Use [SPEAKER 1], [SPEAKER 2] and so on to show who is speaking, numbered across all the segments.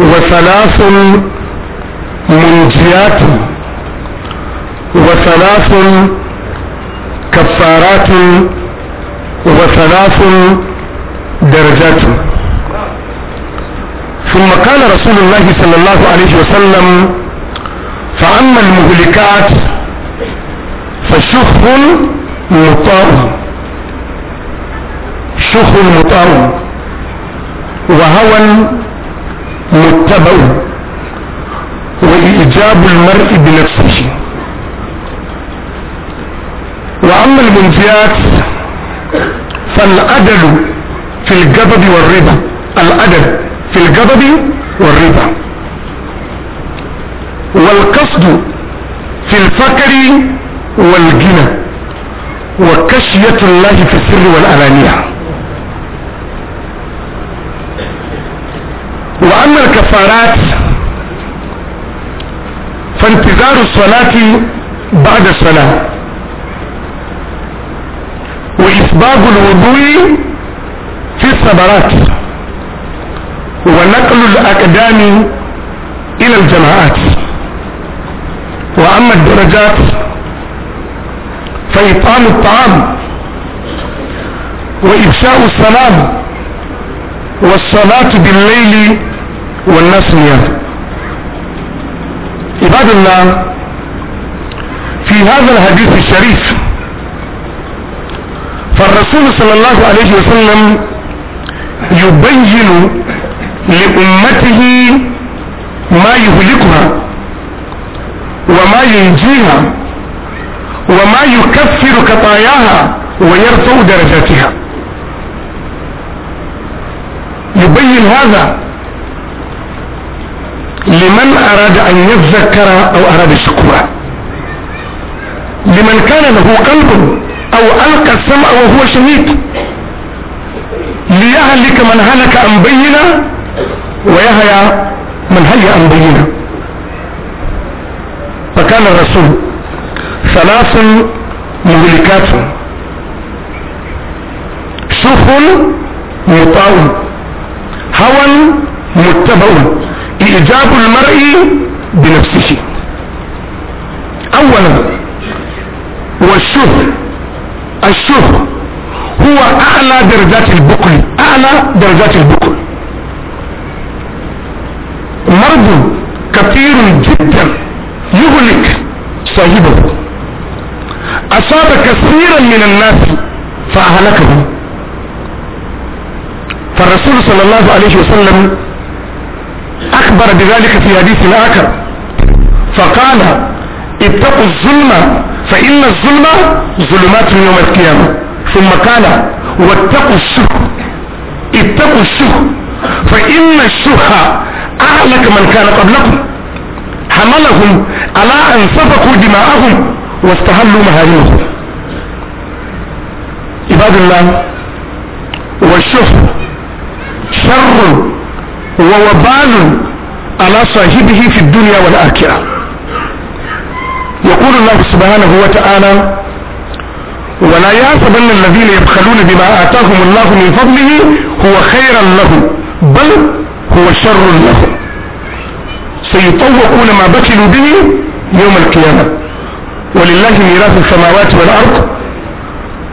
[SPEAKER 1] وثلاث منجيات وثلاث كفارات وثلاث درجات ثم قال رسول الله صلى الله عليه وسلم فأما المهلكات فشخ مطاع شخ مطاع وهوى متبع وإيجاب المرء بنفسه وأما المنزيات فالعدل في الجبب والربا العدل في الجبب والربا والقصد في الفقر والجنى وكشية الله في السر والعلانية الكفارات فانتظار الصلاة بعد الصلاة وإسباب الوضوء في الصبرات ونقل الأقدام إلى الجماعات وأما الدرجات فإطعام الطعام وإفشاء السلام والصلاة بالليل والنسمية يعني. عباد الله في هذا الحديث الشريف فالرسول صلى الله عليه وسلم يبين لأمته ما يهلكها وما ينجيها وما يكفر خطاياها ويرفع درجاتها يبين هذا لمن أراد أن يذكر أو أراد شكورا لمن كان له قلب أو ألقى السمع وهو شهيد ليهلك من هلك ان بينا ويهيا من هيا ان بينا فكان الرسول ثلاث مهلكات سفن مطاع هوى متبع بإجاب المرء بنفسه أولا والشهر الشهر هو أعلى درجات البخل أعلى درجات البخل مرض كثير جدا يهلك صاحبه أصاب كثيرا من الناس فأهلكهم فالرسول صلى الله عليه وسلم أخبر بذلك في حديث آخر فقال اتقوا الظلم فإن الظلم ظلمات يوم القيامة ثم قال واتقوا الشح اتقوا الشح فإن الشح اعلك من كان قبلكم حملهم على أن سفكوا دماءهم واستهلوا مهارمهم عباد الله والشح شر ووبال على صاحبه في الدنيا والآخرة يقول الله سبحانه وتعالى ولا يعتبرن الذين يبخلون بما آتاهم الله من فضله هو خيرا لهم بل هو شر لهم سيطوقون ما بخلوا به يوم القيامة ولله ميراث السماوات والأرض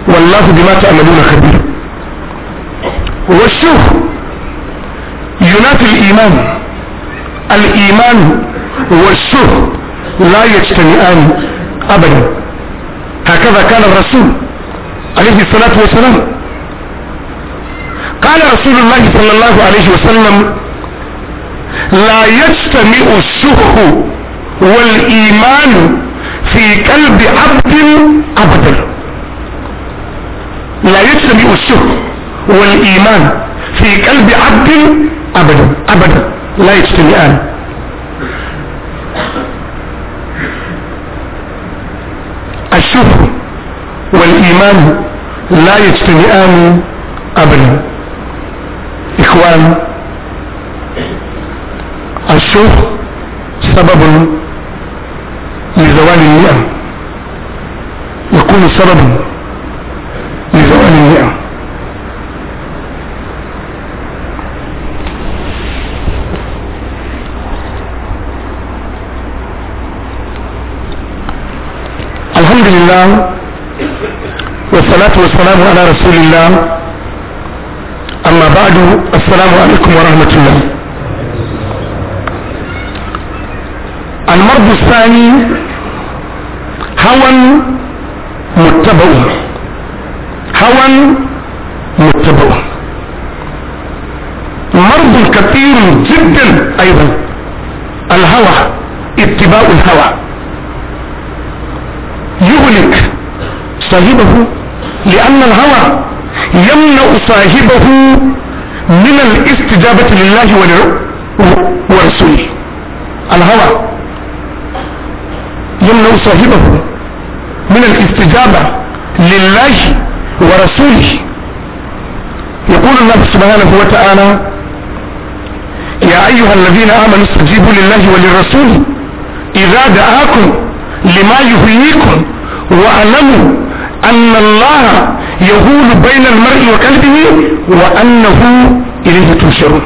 [SPEAKER 1] والله بما تعملون خبير والشوف ينافي الإيمان الإيمان والشر لا يجتمعان أبدا هكذا كان الرسول عليه الصلاة والسلام قال رسول الله صلى الله عليه وسلم لا يجتمع الشر والإيمان في قلب عبد أبدا لا يجتمع الشر والإيمان في قلب عبد أبدا أبدا لا يجتمعان الشكر والإيمان لا يجتمعان أبدا إخوان الشكر سبب لزوال النعم يكون سببا الله والصلاة والسلام على رسول الله أما بعد السلام عليكم ورحمة الله المرض الثاني هوى متبع هوى متبع مرض كثير جدا أيضا الهوى اتباع الهوى صاحبه لأن الهوى يمنع صاحبه من الاستجابة لله ورسوله الهوى يمنع صاحبه من الاستجابة لله ورسوله يقول الله سبحانه وتعالى يا أيها الذين آمنوا استجيبوا لله وللرسول إذا دعاكم لما يحييكم واعلموا أن الله يهول بين المرء وقلبه وأنه إليه تنشرون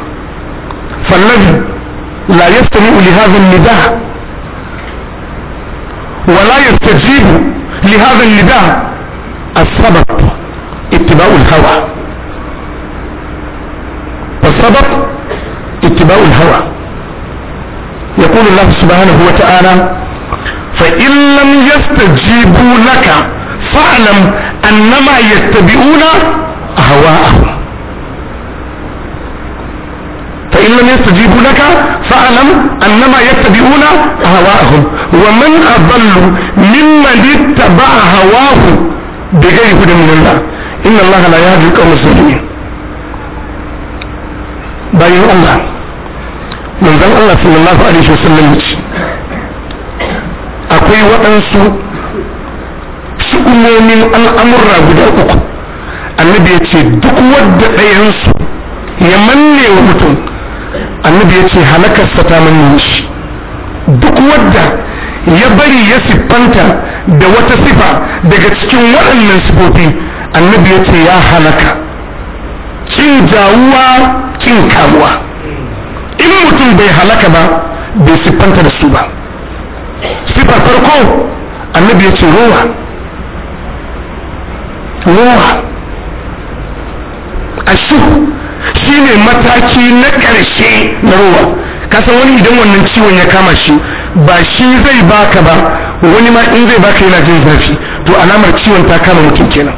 [SPEAKER 1] فالذي لا يستمع لهذا النداء ولا يستجيب لهذا النداء السبب اتباع الهوى السبب اتباع الهوى يقول الله سبحانه وتعالى فإن لم يستجيبوا لك فاعلم انما يتبعون اهواءهم فان لم يستجيبوا لك فاعلم انما يتبعون اهواءهم ومن اضل ممن اتبع هواه بغير هدى من الله ان الله لا يهدي القوم الظالمين بين الله من ذن الله صلى الله عليه وسلم أقوي وأنسو hukumomin al'amurra guda uku annabi ya ce duk wadda ɗayansu ya manne wa mutum annabi ya ce halakarsa ta manne shi duk wadda ya bari ya siffanta da wata sifa daga cikin waɗannan sifofi annabi ya ce ya halaka cin jawuwa cin kamuwa in mutum bai halaka ba bai siffanta da su ba sifar farko annabi ya ce rowa ruwa ashu shi ne mataki na ƙarshe na ruwa kasan wani idan wannan ciwon ya kama shi ba shi zai baka ba wani ma in zai baka yana jin zafi to alamar ciwon ta kama mutum kenan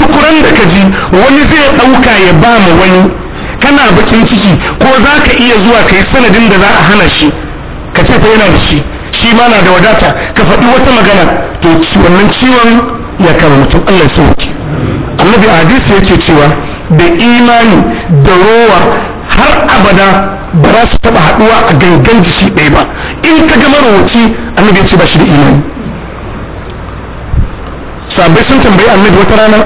[SPEAKER 1] duk ran da ka ji wani zai ɗauka ya ba ma wani kana bakin ciki ko za ka iya zuwa ka yi sanadin da za a hana shi ka ce ta yana da shi shi ma na da wadata ka faɗi wata magana to wannan ciwon ya kama mutum Allah ya sauke annabi hadisi yake cewa da imani da rowa har abada ba za su taba haduwa a gangan jiki ɗaya ba in ka ga marowaci annabi ya ce ba shi da imani sabai sun tambayi annabi wata rana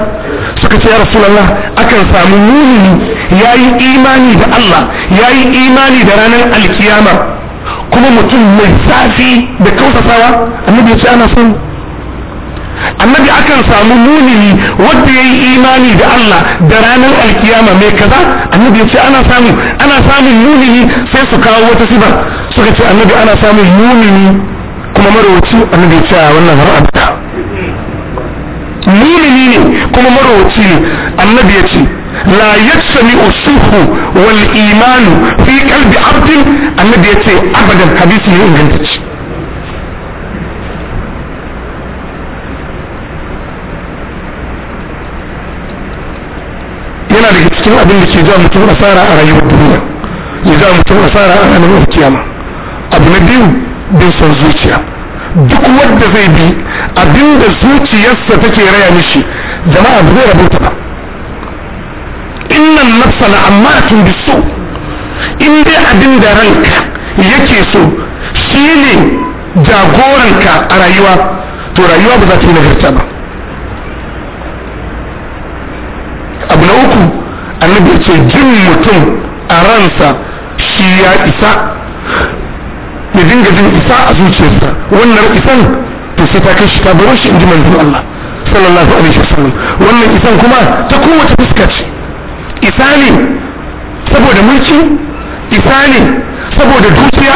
[SPEAKER 1] suka ce ya rasulallah akan samu mumini ya yi imani da Allah ya yi imani da ranar alkiyama kuma mutum mai safi da kausasawa annabi ya ce ana son annabi akan samu munini wanda ya yi imani da Allah da ranar alkiyama mai kaza annabi ya ce ana samu ana samun munini sai su kawo wata sifa suka ce annabi ana samun munini kuma marowaci annabi ya ce a wannan har abada munini ne kuma marowaci ne annabi ya ce la yatsami usuhu wal imanu fi qalbi abdin annabi ya ce abadan hadisi ne ingantacce yana daga cikin abin da ke za mutum asara a rayuwar duniya ya za mutum asara a ranar kiyama abu na biyu bin son zuciya duk wanda zai bi abin da zuciyarsa take raya mishi jama'a ba zai rabuta ba innan nafsa bi bisu in dai abin da ranka yake so shi ne jagoranka a rayuwa to rayuwa ba za ta yi nagarta ba uku annabi ya ce jin mutum a ransa shi ya isa ya dinga jin isa a zuciyarsa wannan isan to sai ta kai shi ta baro shi in ji manzon Allah sallallahu alaihi wasallam wannan isan kuma ta kowace fuska ce isa ne saboda mulki isa ne saboda dukiya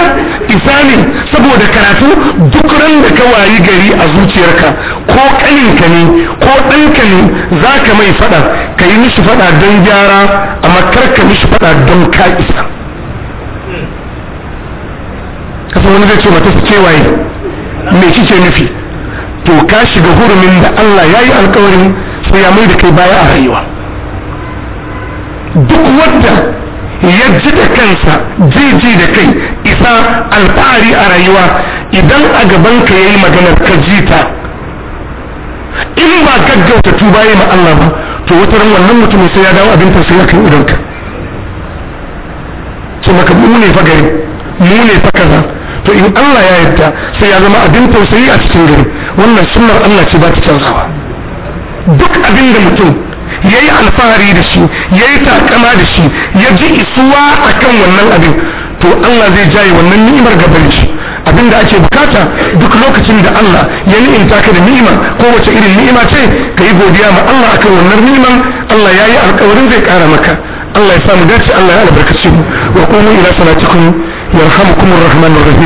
[SPEAKER 1] isa ne saboda karatu duk ran da ka wayi gari a zuciyarka ko kaninka ne ko ɗanka ne za ka mai faɗa ka yi mishi faɗa don gyara amma kar ka mishi faɗa don ka isa kasa wani zai ce mata su kewaye me kike nufi to ka shiga hurumin da Allah ya yi alkawarin sai ya mai da kai baya a rayuwa duk wadda ya da kansa jiji da kai isa alfahari a rayuwa idan a gaban ya yi maganar ka ji ta in ba gaggauta tuba yi ma Allah ba to wata ran wannan mutumin sai ya dawo abin tausayi idan ka. so maka mu ne fa gari mu ne fa kaza to in Allah ya yarda sai ya zama abin tausayi a cikin gari wannan sunnar Allah ce ba ta canzawa duk abin da mutum ya yi alfahari da shi ya yi takama da shi ya ji isuwa a kan wannan abin to Allah zai jaye wannan ni'imar gaban shi abin da ake bukata duk lokacin da Allah ya ni'imta ka da ni'ima kowace irin ni'ima ce ka yi godiya ma Allah akan wannan ni'iman Allah ya yi alkawarin zai kara maka Allah ya samu dace Allah ya albarkace mu wa qumu ila salatikum yarhamukumur rahmanur rahim